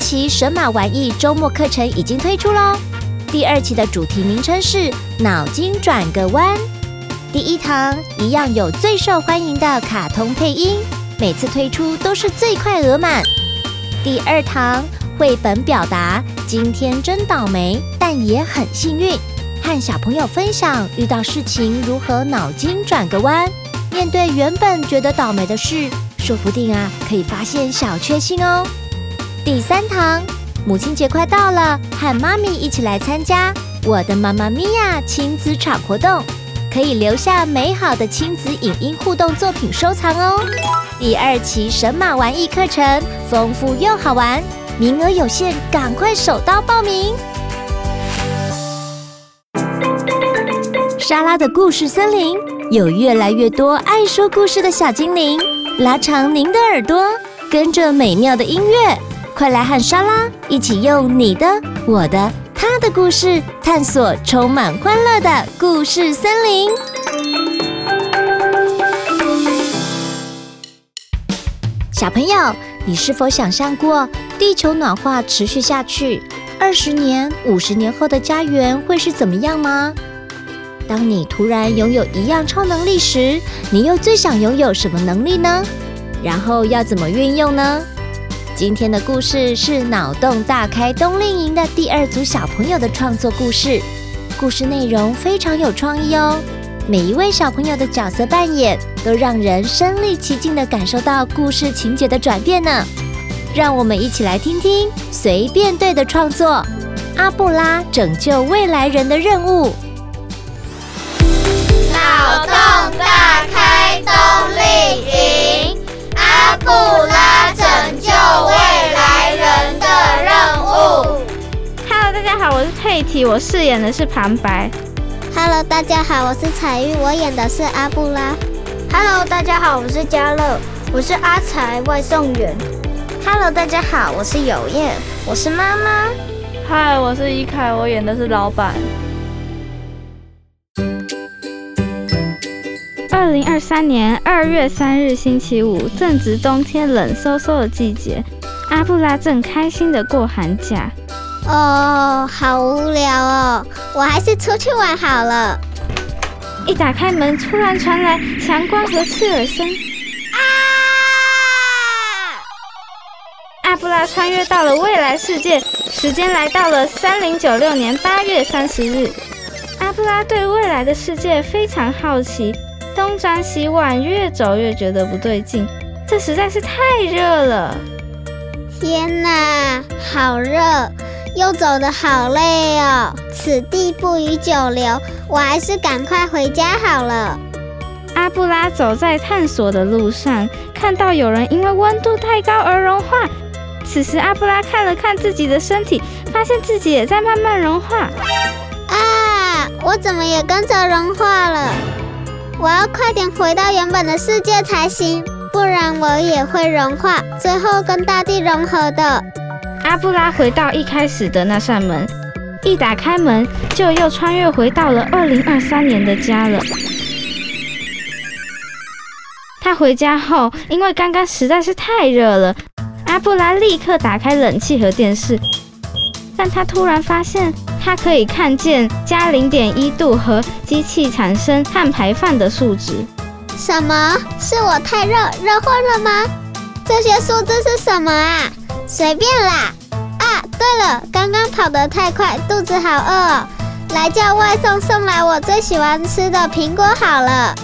奇神馬玩藝周末課程已經推出嘍！第二期的主題名稱是“腦筋轉個彎”。第一堂一樣有最受歡迎的卡通配音，每次推出都是最快額滿。第二堂繪本表達，今天真倒霉，但也很幸運，和小朋友分享遇到事情如何腦筋轉個彎。面對原本覺得倒霉的事，說不定啊，可以發現小確幸哦。第三堂，母親節快到了，和媽咪一起來參加我的媽媽咪呀親子場活動，可以留下美好的親子影音互動作品收藏哦。第二期神馬玩藝課程，豐富又好玩，名額有限，趕快手刀報名。莎拉的故事森林有越來越多愛說故事的小精靈，拉長您的耳朵，跟着美妙的音樂。快來和莎拉一起用你的、我的、他的故事，探索充滿歡樂的故事森林。小朋友，你是否想象過地球暖化持續下去，二十年、五十年後的家園會是怎麼樣嗎？當你突然擁有一樣超能力時，你又最想擁有什麼能力呢？然後要怎麼運用呢？今天的故事是腦洞大開冬令營的第二組小朋友的創作故事，故事內容非常有創意哦。每一位小朋友的角色扮演都讓人身臨其境的感受到故事情節的轉變呢。讓我們一起來聽聽隨便隊的創作《阿布拉拯救未來人的任務》，腦洞大開。我飾演的是旁白。Hello，大家好，我是彩玉，我演的是阿布拉。Hello，大家好，我是嘉樂，我是阿才外送員。Hello，大家好，我是友燕，我是媽媽。嗨，我是依凱，我演的是老闆。二零二三年二月三日星期五，正值冬天冷颼颼的季節，阿布拉正開心的過寒假。哦，好無聊哦，我還是出去玩好了。一打開門，突然傳來強光和刺耳聲，啊！阿布拉穿越到了未來世界，時間來到了三零九六年八月三十日。阿布拉對未來的世界非常好奇，東張西望，越走越覺得不對勁，這實在是太熱了！天哪，好熱！又走得好累哦，此地不宜久留，我還是趕快回家好了。阿布拉走在探索的路上，看到有人因為溫度太高而融化。此時阿布拉看了看自己的身體，發現自己也在慢慢融化。啊，我怎麼也跟着融化了？我要快點回到原本的世界才行，不然我也會融化，最後跟大地融合的。阿布拉回到一開始的那扇門，一打開門就又穿越回到了二零二三年的家了。他回家後，因為剛剛實在是太熱了，阿布拉立刻打開冷氣和電視。但他突然發現，他可以看見加零點一度和機器產生碳排放的數值。什麼？是我太熱熱壞了嗎？這些數字是什麼啊？隨便啦。對了，剛剛跑得太快，肚子好餓哦，來叫外送送來我最喜歡吃的蘋果好了。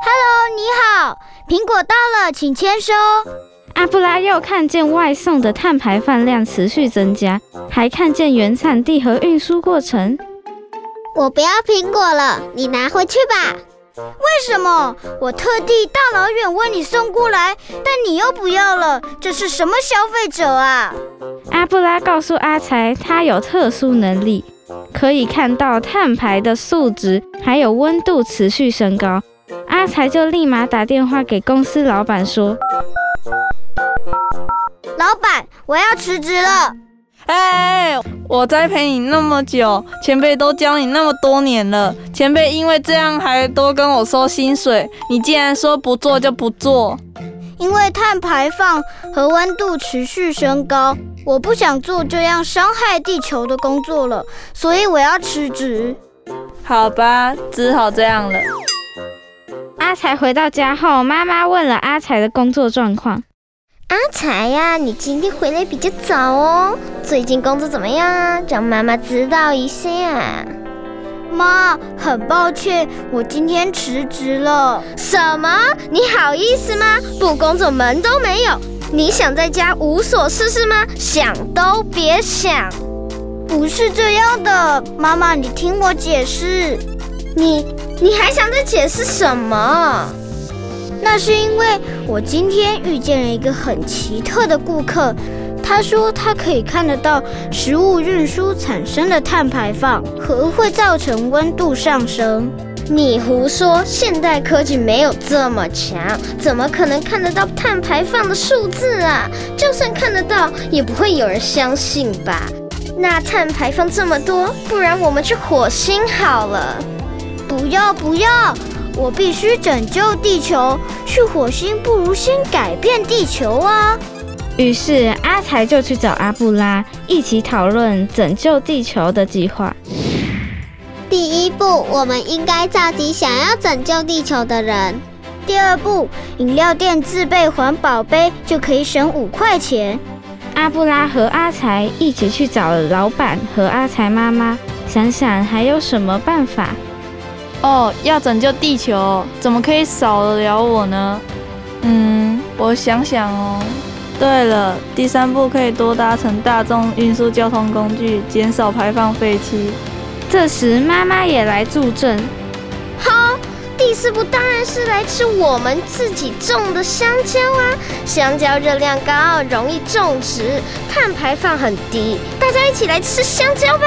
Hello，你好，蘋果到了，請簽收。阿布拉又看見外送的碳排放量持續增加，還看見原產地和運輸過程。我不要蘋果了，你拿回去吧。為什麼我特地大老遠為你送過來，但你又不要了？這是什麼消費者啊？阿布拉告訴阿才，他有特殊能力，可以看到碳排的數值還有溫度持續升高。阿才就立馬打電話給公司老闆說：“老闆，我要辭職了。”哎哎哎。我栽培你那麼久，前輩都教你那麼多年了，前輩因為這樣還多跟我收薪水，你竟然說不做就不做，因為碳排放和溫度持續升高，我不想做這樣傷害地球的工作了，所以我要辭職。好吧，只好這樣了。阿才回到家後，媽媽問了阿才的工作狀況。阿財呀，你今天回來比較早哦。最近工作怎麼樣啊？讓媽媽知道一下。媽，很抱歉，我今天辭職了。什麼？你好意思嗎？不工作門都沒有。你想在家無所事事嗎？想都別想。不是這樣的，媽媽，你聽我解釋。你，你還想再解釋什麼？那是因為我今天遇見了一個很奇特的顧客，他說他可以看得到食物運輸產生的碳排放和會造成溫度上升。你胡說，現代科技沒有這麼強，怎麼可能看得到碳排放的數字啊？就算看得到，也不會有人相信吧？那碳排放這麼多，不然我們去火星好了。不要不要。我必須拯救地球，去火星不如先改變地球啊！於是阿才就去找阿布拉，一起討論拯救地球的計劃。第一步，我們應該召集想要拯救地球的人。第二步，飲料店自備環保杯就可以省五塊錢。阿布拉和阿才一起去找了老闆和阿才媽媽，想想還有什麼辦法。哦，要拯救地球，怎麼可以少得了我呢？嗯，我想想哦。對了，第三步可以多搭乘大眾運輸交通工具，減少排放廢氣。這時媽媽也來助陣。好，第四步當然是來吃我們自己種的香蕉啦！啊！香蕉熱量高，容易種植，碳排放很低。大家一起來吃香蕉吧！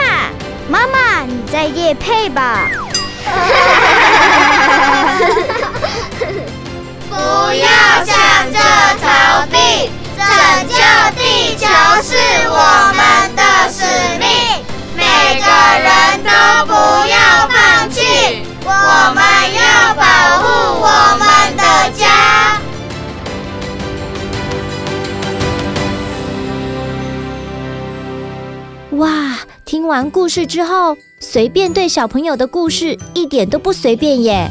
媽媽，你在業配吧。 不要想着逃避，拯救地球是我們的使命。每個人都不要放棄，我們要保護我們的家。聽完故事之後，隨便對小朋友的故事一點都不隨便耶。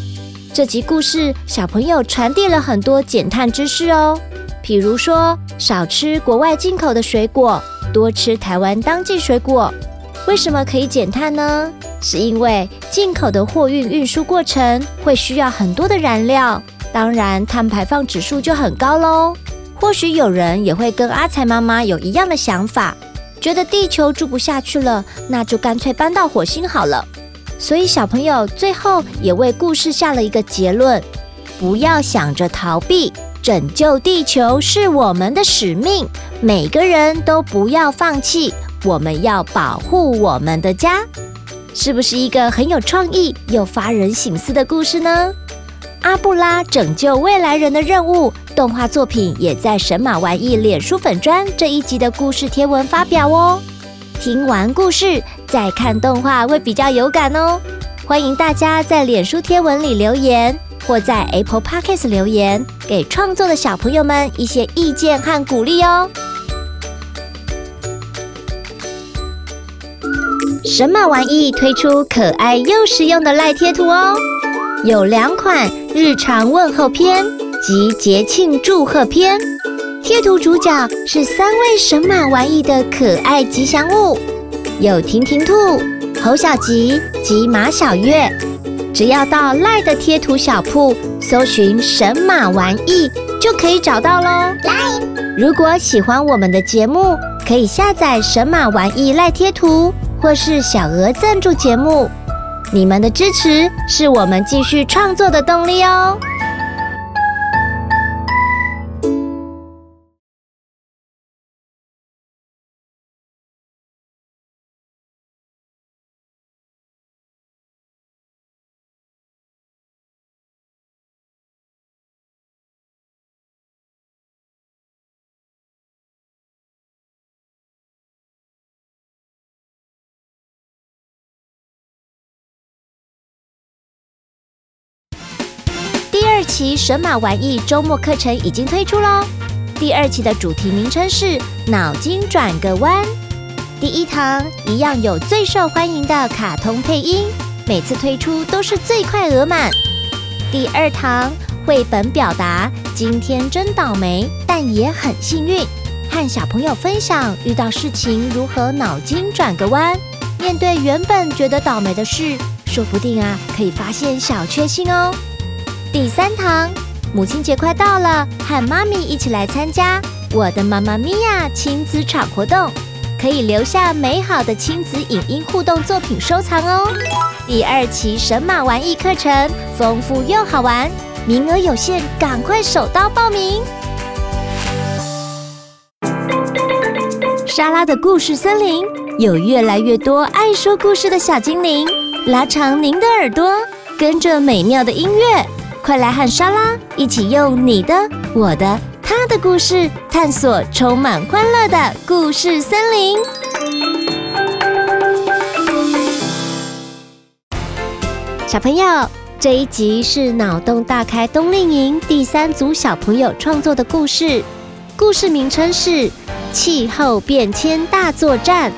這集故事小朋友傳遞了很多減碳知識哦，譬如說少吃國外進口的水果，多吃台灣當季水果。為什麼可以減碳呢？是因為進口的貨運運輸過程會需要很多的燃料，當然碳排放指數就很高嘍。或許有人也會跟阿財媽媽有一樣的想法。覺得地球住不下去了，那就乾脆搬到火星好了。所以小朋友最後也為故事下了一個結論：不要想着逃避，拯救地球是我們的使命。每個人都不要放棄，我們要保護我們的家。是不是一個很有創意又發人省思的故事呢？阿布拉拯救未來人的任務。動畫作品也在神馬玩藝臉書粉專這一集的故事貼文發表哦，聽完故事再看動畫會比較有感哦。歡迎大家在臉書貼文裡留言，或在 Apple Podcasts 留言，給創作的小朋友們一些意見和鼓勵哦。神馬玩藝推出可愛又實用的賴貼圖哦，有兩款日常問候篇，及節慶祝賀篇，貼圖主角是三位神馬玩藝的可愛吉祥物，有婷婷兔、侯小吉及馬小月。只要到賴的貼圖小鋪搜尋神馬玩藝，就可以找到嘍。Like. 如果喜歡我們的節目，可以下載神馬玩藝賴貼圖，或是小額贊助節目。你們的支持是我們繼續創作的動力哦。奇神馬玩藝周末課程已經推出嘍、哦！第二期的主題名稱是“腦筋轉個彎”。第一堂一樣有最受歡迎的卡通配音，每次推出都是最快額滿。第二堂繪本表達，今天真倒霉，但也很幸運，和小朋友分享遇到事情如何腦筋轉個彎，面對原本覺得倒霉的事，說不定啊可以發現小確幸哦。第三堂，母親節快到了，和媽咪一起來參加我的媽媽咪呀、啊、親子場活動，可以留下美好的親子影音互動作品收藏哦。第二期神馬玩藝課程，豐富又好玩，名額有限，趕快手刀報名。沙拉的故事森林有越來越多愛說故事的小精靈，拉長您的耳朵，跟着美妙的音樂。快來和莎拉一起用你的、我的、他的故事，探索充滿歡樂的故事森林。小朋友，這一集是腦洞大開冬令營第三組小朋友創作的故事，故事名稱是《氣候變遷大作戰》。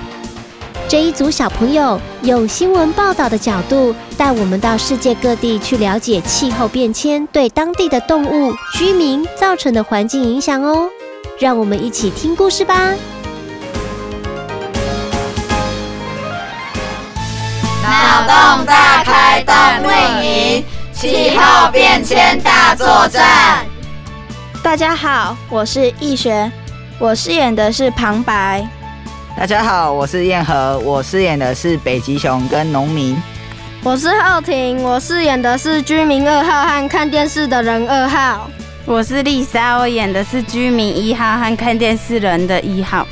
這一組小朋友。用新聞報道的角度帶我們到世界各地去了解氣候變遷對當地的動物居民造成的環境影響哦，讓我們一起聽故事吧。腦洞大開的電影《氣候變遷大作戰》。大家好，我是奕璇，我飾演的是旁白。大家好，我是彥和，我飾演的是北極熊跟農民。我是晧廷，我飾演的是居民二號和看電視的人二號。我是莉紗，我演的是居民一號和看電視人的一號。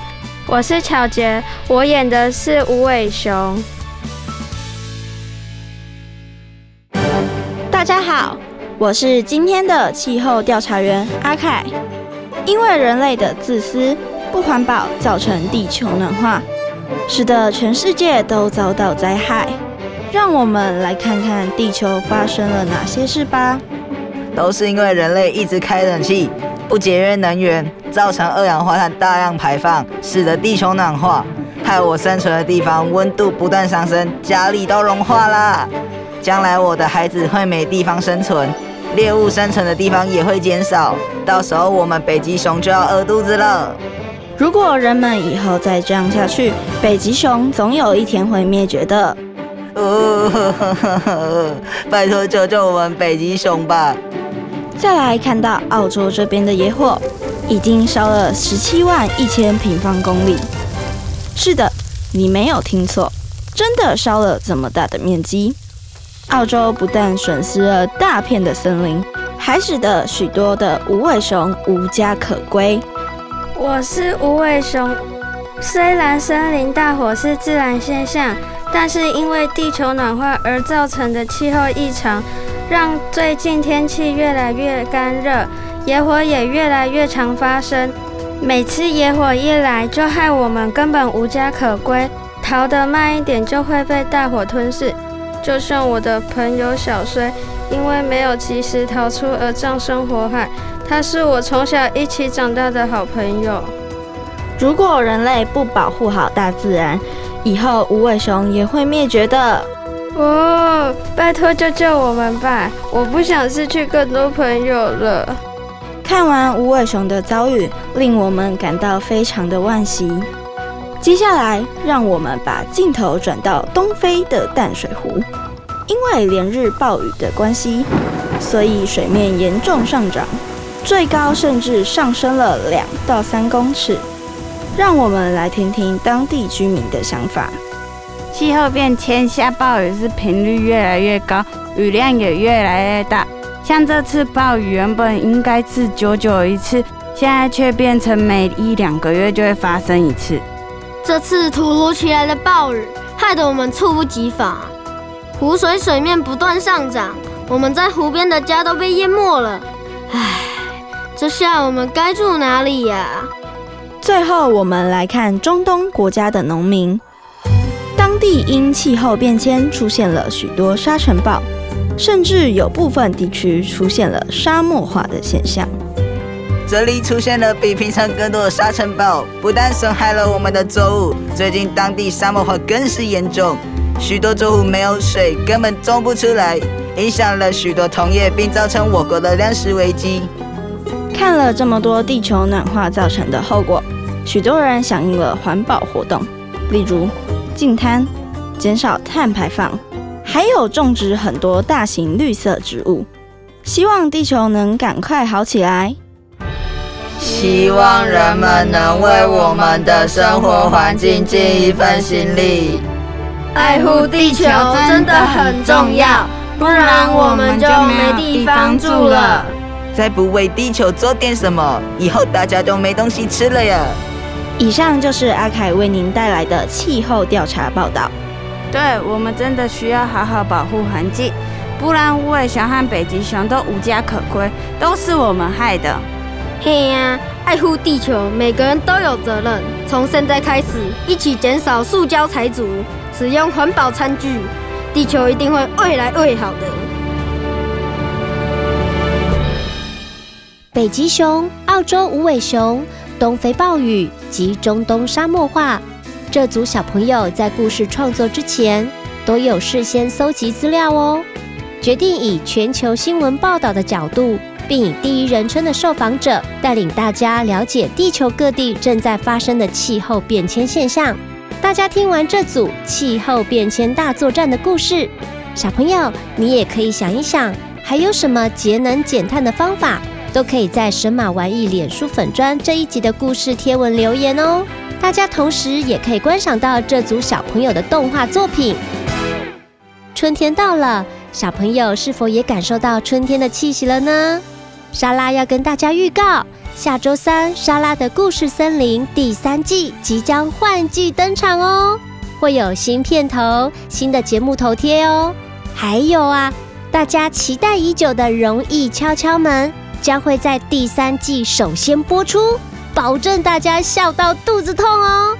我是巧婕，我演的是無尾熊。大家好，我是今天的氣候調查員阿凱，因為人類的自私。不環保，造成地球暖化，使得全世界都遭到災害。讓我們來看看地球發生了哪些事吧。都是因為人類一直開冷氣，不節約能源，造成二氧化碳大量排放，使得地球暖化，害我生存的地方溫度不斷上升，家裡都融化啦。將來我的孩子會沒地方生存，獵物生存的地方也會減少，到時候我們北極熊就要餓肚子了。如果人們以後再這樣下去，北極熊總有一天會滅絕的。呃、哦，拜託救救我們北極熊吧！再來看到澳洲這邊的野火，已經燒了十七萬一千平方公里。是的，你沒有聽錯，真的燒了這麼大的面積。澳洲不但損失了大片的森林，還使得許多的無尾熊無家可歸。我是無尾熊。雖然森林大火是自然現象，但是因為地球暖化而造成的氣候異常，讓最近天氣越來越乾熱，野火也越來越常發生。每次野火一來，就害我們根本無家可歸，逃得慢一點就會被大火吞噬。就像我的朋友小衰，因為沒有及時逃出而葬身火海。他是我從小一起長大的好朋友。如果人類不保護好大自然，以後無尾熊也會滅絕的。哦，拜托救救我們吧！我不想失去更多朋友了。看完無尾熊的遭遇，令我們感到非常的惋惜。接下來，讓我們把鏡頭轉到東非的淡水湖，因為連日暴雨的關係，所以水面嚴重上漲。最高甚至上升了兩到三公尺。讓我們來聽聽當地居民的想法。氣候變遷下，暴雨是頻率越來越高，雨量也越來越大。像這次暴雨，原本應該是久久一次，現在卻變成每一兩個月就會發生一次。這次突如其來的暴雨，害得我們猝不及防。湖水水面不斷上漲，我們在湖邊的家都被淹沒了。這下我們該住哪裡呀？最後，我們來看中東國家的農民。當地因氣候變遷出現了許多沙塵暴，甚至有部分地區出現了沙漠化的現象。這裡出現了比平常更多的沙塵暴，不但損害了我們的作物，最近當地沙漠化更是嚴重，許多作物沒有水根本種不出來，影響了許多農業，並造成我國的糧食危機。看了這麼多地球暖化造成的後果，許多人響應了環保活動，例如淨灘、減少碳排放，還有種植很多大型綠色植物，希望地球能趕快好起來。希望人們能為我們的生活環境盡一份心力，愛護地球真的很重要，不然我們就沒地方住了。再不為地球做點什麼，以後大家都沒東西吃了呀！以上就是阿凱為您帶來的氣候調查報道。對，我們真的需要好好保護環境，不然無尾熊和北極熊都無家可歸，都是我們害的。嘿啊，愛護地球，每個人都有責任。從現在開始，一起減少塑膠財主，使用環保餐具，地球一定會越來越好的。北極熊、澳洲無尾熊、東非暴雨及中東沙漠化，這組小朋友在故事創作之前都有事先搜集資料哦。決定以全球新聞報道的角度，並以第一人稱的受訪者帶領大家了解地球各地正在發生的氣候變遷現象。大家聽完這組氣候變遷大作戰的故事，小朋友，你也可以想一想，還有什麼節能減碳的方法？都可以在神馬玩藝臉書粉專這一集的故事貼文留言哦。大家同時也可以觀賞到這組小朋友的動畫作品。春天到了，小朋友是否也感受到春天的氣息了呢？莎拉要跟大家預告，下周三莎拉的故事森林第三季即將換季登場哦，會有新片頭、新的節目頭貼哦。還有啊，大家期待已久的容易敲敲門。將會在第三季首先播出，保證大家笑到肚子痛哦！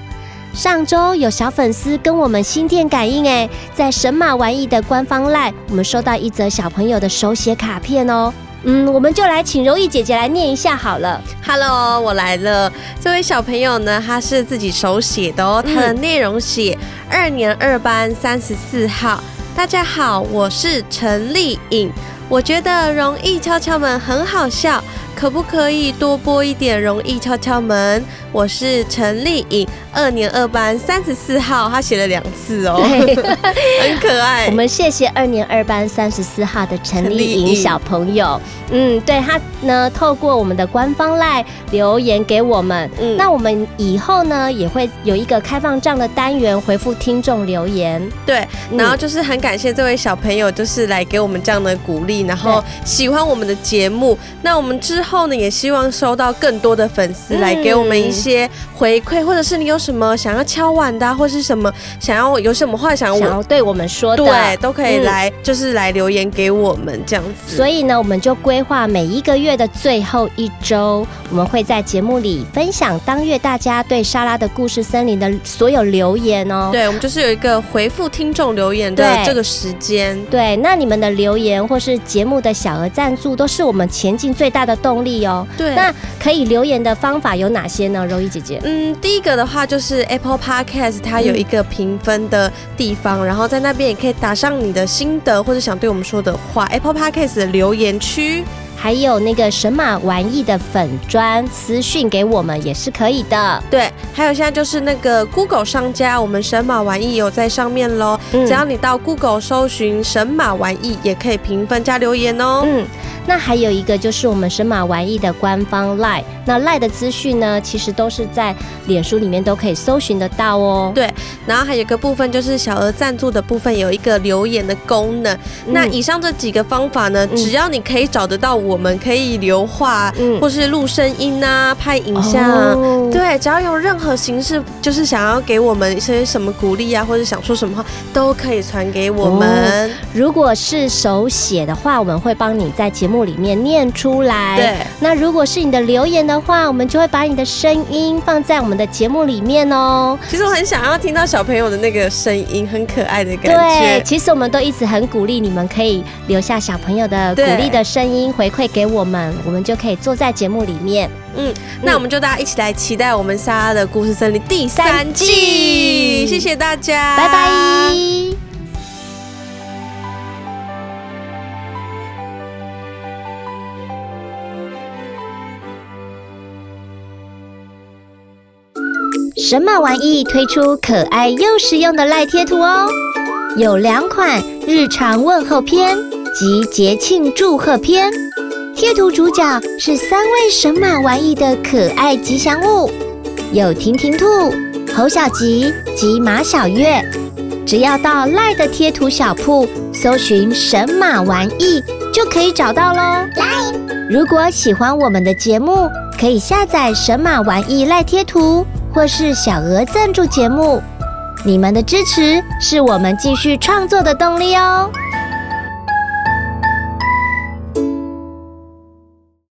上周有小粉絲跟我們心電感應，哎，在神馬玩意的官方 line，我們收到一則小朋友的手寫卡片哦。嗯，我們就來請柔意姐姐來念一下好了。Hello，我來了。這位小朋友呢，他是自己手寫的哦。他、嗯、的內容寫二年二班三十四號，大家好，我是陳麗穎。我覺得《容易敲敲門》很好笑。可不可以多播一點？容易敲敲門。我是陳麗穎，二年二班三十四號。他寫了兩次哦，呵呵，很可愛。 我們謝謝二年二班三十四號的陳麗穎小朋友。嗯，對，他呢，透過我們的官方賴留言給我們。嗯，那我們以後呢，也會有一個開放這樣的單元回復聽眾留言。對，然後就是很感謝這位小朋友，就是來給我們這樣的鼓勵，然後喜歡我們的節目。那我們之後後呢，也希望收到更多的粉絲來給我們一些回饋、嗯，或者是你有什麼想要敲碗的、啊，或是什麼想要有什麼話想要想要對我們說的，對，都可以來、嗯，就是來留言給我們這樣子。所以呢，我們就規劃每一個月的最後一周，我們會在節目裡分享當月大家對沙拉的故事森林的所有留言哦。對，我們就是有一個回復聽眾留言的這個時間。對，那你們的留言或是節目的小額贊助，都是我們前進最大的動。功力哦，對，那可以留言的方法有哪些呢？柔依姐姐，嗯，第一個的話就是 Apple Podcast，它有一個評分的地方，嗯、然後在那邊也可以打上你的心得或者想對我們說的話，Apple Podcast 的留言區。還有那個神馬玩藝的粉專私訊給我們也是可以的，對。還有現在就是那個 Google 商家，我們神馬玩藝有在上面嘍、嗯。只要你到 Google 搜尋神馬玩藝，也可以評分加留言哦。嗯，那還有一個就是我們神馬玩藝的官方 LINE 那 LINE 的資訊呢，其實都是在臉書裡面都可以搜尋得到哦。對。然後還有個部分就是小額贊助的部分，有一個留言的功能、嗯。那以上這幾個方法呢，嗯、只要你可以找得到我。我們可以留話，或是錄聲音啊、嗯，拍影像、啊哦，對，只要用任何形式，就是想要給我們一些什麼鼓勵啊，或者想說什麼話，都可以傳給我們、哦。如果是手寫的話，我們會幫你在節目裡面念出來。對，那如果是你的留言的話，我們就會把你的聲音放在我們的節目裡面哦。其實我很想要聽到小朋友的那個聲音，很可愛的感覺。對，其實我們都一直很鼓勵你們可以留下小朋友的鼓勵的聲音回饋給我們，我們就可以坐在節目裡面。嗯，那我們就大家一起來期待我們《仨的故事森林》第三季。謝謝大家，拜拜。神馬玩藝推出可愛又實用的賴貼圖哦，有兩款日常問候篇及節慶祝賀篇。貼圖主角是三位神馬玩藝的可愛吉祥物，有婷婷兔、猴小吉及馬小月。只要到賴的貼圖小鋪搜尋“神馬玩藝”，就可以找到嘍。如果喜歡我們的節目，可以下載“神馬玩藝賴貼圖”或是小額贊助節目。你們的支持是我們繼續創作的動力哦。